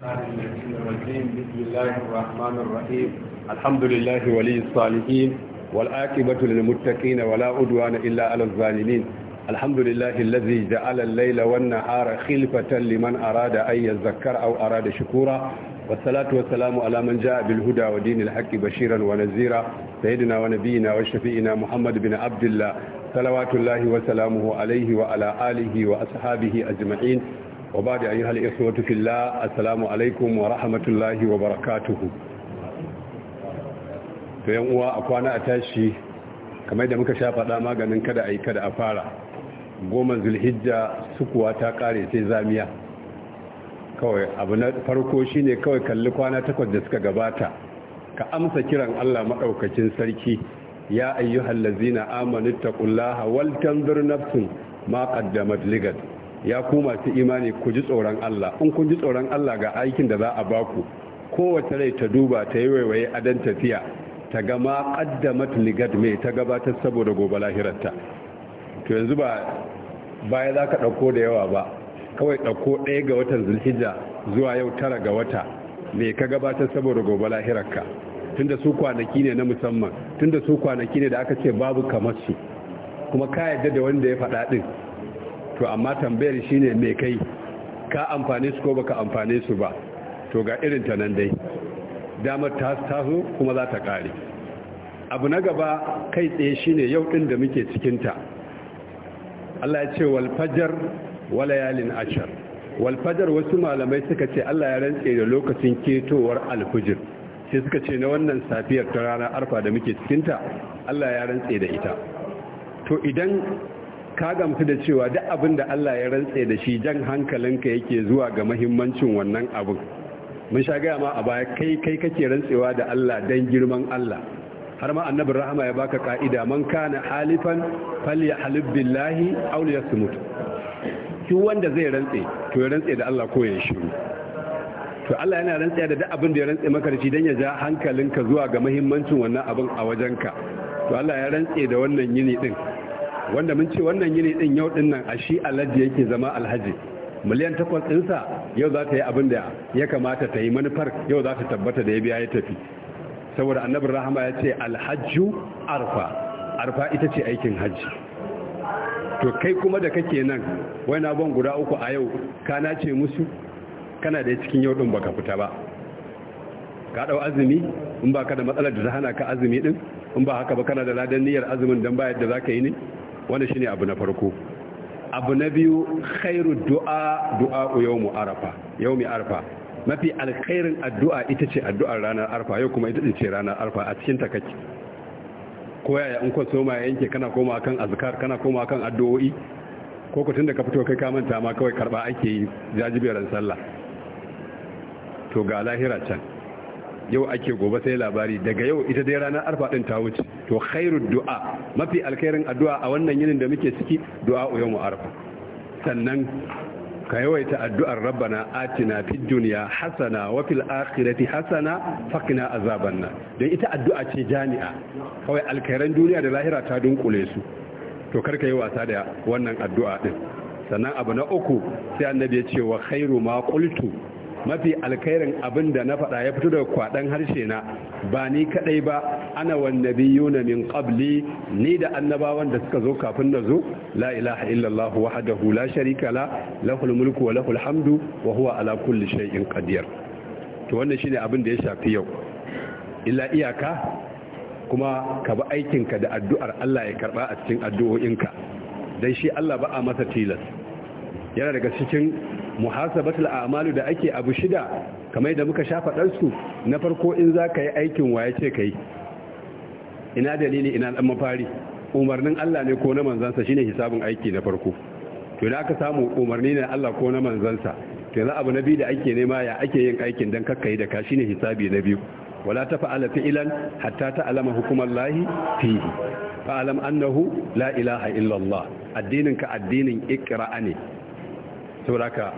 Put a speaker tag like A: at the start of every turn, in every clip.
A: بسم الله الرحمن الرحيم الحمد لله ولي الصالحين والآكبة للمتقين ولا أدوان إلا على الظالمين الحمد لله الذي جعل الليل والنهار خلفة لمن أراد أن يذكر أو أراد شكورا والصلاة والسلام على من جاء بالهدى ودين الحق بشيرا ونزيرا سيدنا ونبينا وشفيئنا محمد بن عبد الله صلوات الله وسلامه عليه وعلى آله وأصحابه أجمعين wa ba da ayyuhal ikhwatu fillah assalamu alaikum wa rahmatullahi wa barakatuhu to yan uwa a kwana a tashi kamar da muka sha maganin kada ayi kada a fara goma zulhijja sukuwa ta ƙare sai zamiya kawai abu na farko shine kawai kalli kwana takwas da suka gabata ka amsa kiran Allah maɗaukacin sarki ya ayyuhal lazina amanu taqullaha wal tanzur nafsun ma qaddamat ligad ya koma masu imani ku ji tsoron Allah in kun ji tsoron Allah ga aikin da za a baku kowace rai ta duba ta yi waiwaye dan tafiya ta gama qaddamat ligat mai ta gabatar saboda gobe lahirarta to yanzu ba baya za ka ɗauko da yawa ba kawai ɗauko ɗaya ga watan zulhijja zuwa yau tara ga wata mai ka gabatar saboda gobe lahirarka tunda su kwanaki ne na musamman tunda su kwanaki ne da aka ce babu kamar su kuma ka yadda da wanda ya faɗa ɗin to amma tambayar shine me kai ka amfane su ko baka amfane su ba to ga irin ta nan dai damar ta taso kuma za ta kare abu na gaba kai tsaye shine yau din da muke cikinta. Allah ya ce Walfajar fajr wa layalin ashar wal wasu malamai suka ce Allah ya rantse da lokacin ketowar alfujir sai suka ce na wannan safiyar ta ranar arfa da muke cikinta? Allah ya rantse da ita to idan ka gamsu da cewa duk abin da Allah ya rantse da shi jan hankalinka yake zuwa ga mahimmancin wannan abin mun sha gaya ma a baya kai kai kake rantsewa da Allah dan girman Allah har ma annabi rahama ya baka ka'ida man kana halifan falyahlib billahi aw liyasmut shi wanda zai rantse to ya rantse da Allah ko ya shiru to Allah yana rantsa da duk abin da ya rantse maka da shi dan ya ja hankalinka zuwa ga mahimmancin wannan abin a wajenka to Allah ya rantse da wannan yini din wanda mun ce wannan yini din yau din nan a shi alhaji yake zama alhaji miliyan takwas ɗinsa yau za ta yi abin da ya kamata ta yi manufar yau za ta tabbata da ya biya ya tafi saboda annabin rahama ya ce Alhaju arfa arfa ita ce aikin hajji to kai kuma da kake nan wai na ban guda uku a yau ka ce musu kana da cikin yau ɗin baka fita ba ka ɗau azumi in ba ka da matsalar da ta ka azumi din, in ba haka ba kana da ladan niyyar azumin dan ba yadda za ka yi ne wanda shine abu na farko abu na biyu khairu du'a du'a yawmu arafa yawmi arafa mafi alkhairin addu'a ita ce addu'ar ranar arfa yau kuma ita ce ranar arfa a cikin takaki ko yaya in ko soma yanke kana koma kan azkar kana koma kan addu'o'i ko ku da ka fito kai ka manta ma kawai karba ake yi jajibiyar sallah to ga lahira can yau ake gobe sai labari daga yau ita dai ranar arfa din ta wuce to khairu du'a mafi alkhairin addu'a a wannan yinin da muke ciki du'a yawmu arfa sannan ka yawaita addu'ar rabbana atina fid dunya hasana wa fil akhirati hasana faqina azaban nar dan ita addu'a ce jami'a kawai alkhairan duniya da lahira ta dunkule su to karka yi wasa da wannan addu'a din sannan abu na uku sai annabi ya ce wa khairu ma qultu mafi alkairin abin da na faɗa ya fito daga kwaɗan harshe na ba ni kaɗai ba ana wannabi yuna min qabli ni da annabawan da suka zo kafin na zo la ilaha illallah wahdahu la sharika la lahul mulku wa lahul hamdu wa huwa ala kulli shay'in qadir to wannan shine abin da ya shafi yau illa iyaka kuma ka bi aikinka da addu'ar Allah ya karba a cikin addu'o'inka dan shi Allah ba a masa tilas yana daga cikin muhasabatul a'malu da ake abu shida kamar da muka shafa ɗansu na farko in za ka yi aikin waye ce ka yi ina dalili ina dan mafari umarnin Allah ne ko na manzansa shine hisabun aiki na farko to da aka samu umarni ne Allah ko na manzansa to za abu na biyu da ake nema ya ake yin aikin dan kakkai da ka shine hisabi na biyu wala tafa'ala fi'lan hatta ta'lama hukumallahi fihi fa'alam annahu la ilaha illallah addinin ka addinin iqra'a ne sauraka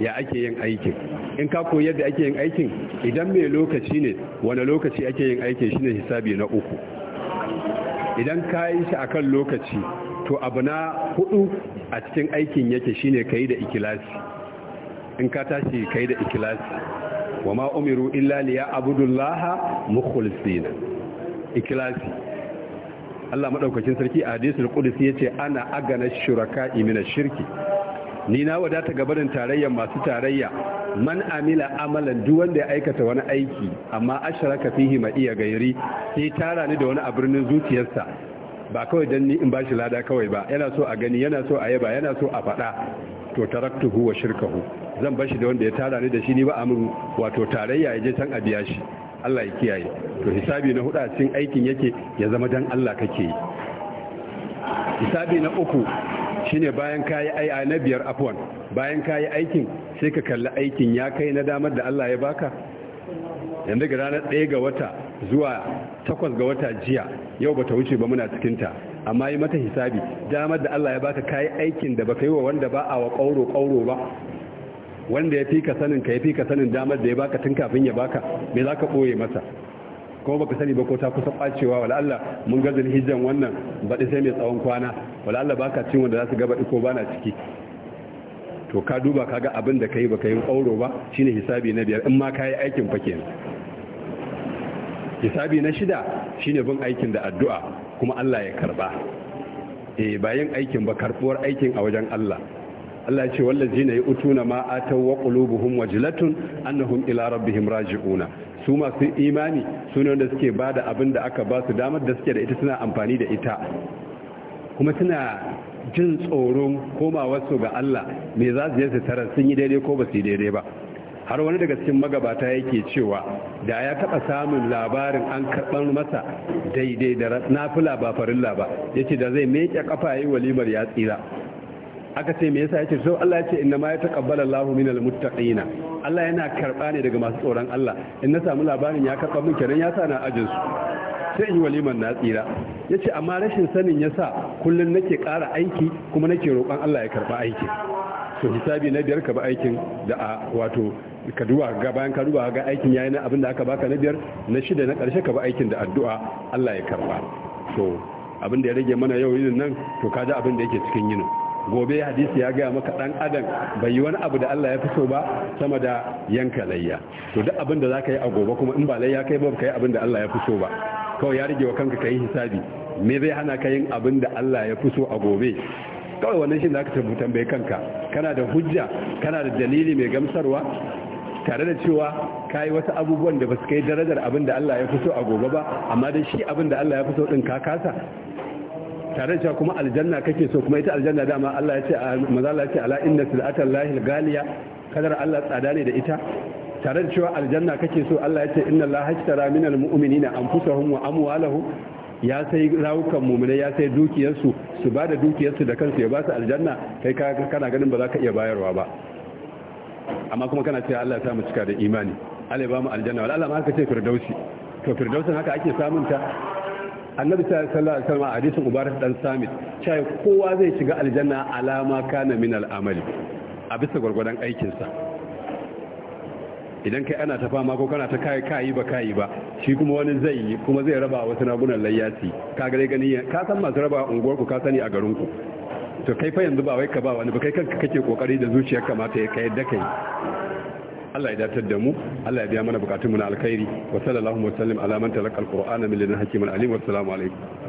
A: ya ake yin aikin in ka koyi yadda ake yin aikin idan mai lokaci ne wani lokaci ake yin aikin shine hisabi na uku idan ka yi shi akan lokaci to abu na hudu a cikin aikin yake shine kai da ikilasi in ka tashi kai da ikilasi wa ma umiru illa liya abudullaha mukhlisina ikilasi Allah madaukakin sarki a hadisul ya ce ana agana shuraka min shirki ni na wadata gabarin tarayya masu tarayya man amila amalan duk wanda ya aikata wani aiki amma asharaka fihi ma iya gairi sai tara ni da wani a birnin zuciyarsa ba kawai dan ni in bashi lada kawai ba yana so a gani yana so a yaba yana so a faɗa to taraktuhu wa shirkahu zan bashi da wanda ya tara ni da shi ni ba amin wato tarayya ya je can a biya shi Allah ya kiyaye to hisabi na hudu a cikin aikin yake ya zama dan Allah kake yi hisabi na uku shine bayan kayi ai a na biyar afwan bayan kayi aikin sai ka kalli aikin ya kai na damar da Allah ya baka yanzu ga ranar ɗaya ga wata zuwa takwas ga wata jiya yau bata wuce ba muna cikin ta amma yi mata hisabi damar da Allah ya baka kayi aikin da baka yi wa wanda ba a wa ƙauro ƙauro ba wanda ya fi ka sanin ka ya fi ka sanin damar da ya baka tun kafin ya baka me ka ɓoye masa kuma baka sani ba ko ta kusa kwacewa wala Allah mun ga hijjan wannan baɗi sai mai tsawon kwana wala Allah baka cin wanda za su gaba baɗi ko bana ciki to ka duba kaga abin da kai baka yin kauro ba shine hisabi na biyar in ma kai aikin fa kenan hisabi na shida shine bin aikin da addu'a kuma Allah ya karba eh ba yin aikin ba karbuwar aikin a wajen Allah Allah ya ce wallazina yu'tuna ma ataw qulubuhum wajlatun annahum ila rabbihim raji'una su masu imani su ne wanda suke ba da abin da aka ba su damar da suke da ita suna amfani da ita kuma suna jin tsoron komawarsu ga Allah me za su yi tara sun yi daidai ko ba su yi daidai ba har wani daga cikin magabata yake cewa da ya taɓa samun labarin an karɓar masa daidai da nafila ba farilla ba yace da zai meke kafa yi walimar ya tsira aka ce me yasa yake so Allah ya ce inna ma yataqabbalu Allahu minal muttaqina Allah yana karba ne daga masu tsoron Allah in na samu labarin ya karba min kenan ya sa na ajin su sai yi waliman na tsira yace amma rashin sanin yasa kullun nake ƙara aiki kuma nake roƙon Allah ya karba aiki so hisabi na biyar ka ba aikin da a wato ka duba ga bayan ka duba ga aikin yayin abin da aka baka na biyar na shida na ƙarshe ka ba aikin da addu'a Allah ya karba so abin da ya rage mana yau yinin nan to kaji abin da yake cikin yinin gobe hadisi ya gaya maka dan adam bai yi wani abu da Allah ya fi so ba sama da yanka layya to duk abin da ka yi a gobe kuma in ba layya kai ba kai abin da Allah ya fi so ba kawai ya rage wa kanka ka yi hisabi me zai hana ka yin abin da Allah ya fi so a gobe kawai wannan shi ka tabbata bai kanka kana da hujja kana da dalili mai gamsarwa tare da cewa ka yi wasu abubuwan da ba su kai darajar abin da Allah ya fi so a gobe ba amma dai shi abin da Allah ya fi so ɗin ka kasa tare da cewa kuma aljanna kake so kuma ita aljanna dama Allah ya ce maza Allah ya ce ala inna sil'atan lahil galiya kadar Allah tsada ne da ita tare da cewa aljanna kake so Allah ya ce inna Allah hashtara minal mu'minina anfusahum wa amwalahum ya sai rawukan mu'mina ya sai dukiyarsu su ba da dukiyarsu da kansu ya ba su aljanna kai ka kana ganin ba za ka iya bayarwa ba amma kuma kana cewa Allah ya samu cika da imani Allah ya ba mu aljanna wala ma haka ce firdausi to firdausin haka ake samunta annabi sallallahu alaihi wasallam hadisin ubarat dan samit cewa kowa zai shiga aljanna alama kana min al'amali a bisa gurgurdan aikin sa idan kai ana ta fama ko kana ta kai kai ba kai ba shi kuma wani zai yi kuma zai raba wasu nagunan layyati ka gare gani ka san masu raba unguwar ku ka sani a garin ku to kai fa yanzu ba wai ka ba wani ba kai kanka kake kokari da zuciyarka mata ya kai yadda kai Allah ya datar da mu Allah ya biya mana bukatunmu na alkhairi wa sallallahu wa sallam ala man talaqa alqur'ana min ladun hakimin alim wa assalamu alaikum